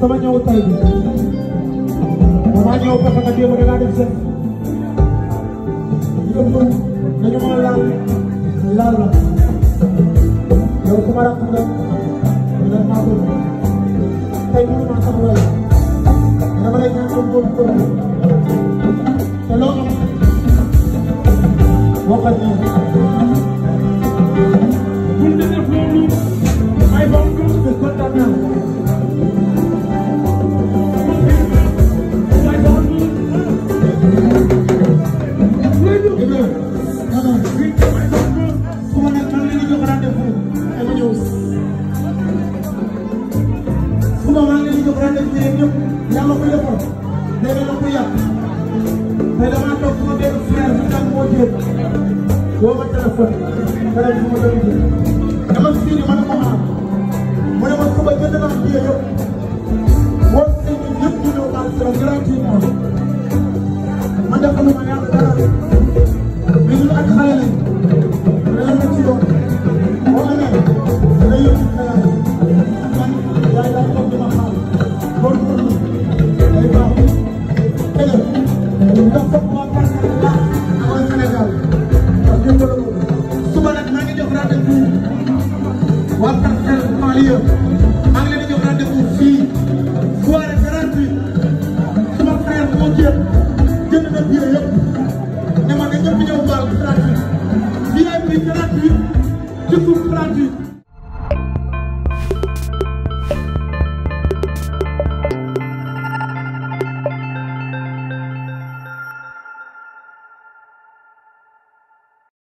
sama ñëw tay bi dama ñëw parce que démb danaa def seen ñu ko dañu ma laal laal la yow sama rakk nga lan maa ko tey mënu maa sax wala dama lay ñaan ko góor góor te loolu waxat yi bul def loolu moom maa ngi leen di jox rendez-vous yéen ñëpp yàlla ko defoon léegi nag ko yàq mais damaa toog sama benn frère bi nag moo jëm woo ma téléphone dara ma doon jëm dama ne ma ne ko ah mu ma suba jënd naa billet yëpp woo si ne ñun ñëpp ñu ñëw Barcelone gratuitement man def na ma yàlla dara bi ñu ak xale lañ waa Parcelles banlieue maa ngi leen di jox rendez-vous fii soirée gratuite suma frère moo jël jënd na biir ne ma ne ñëpp ñëw baal gratuit VIP gratuit ci suuf gratuit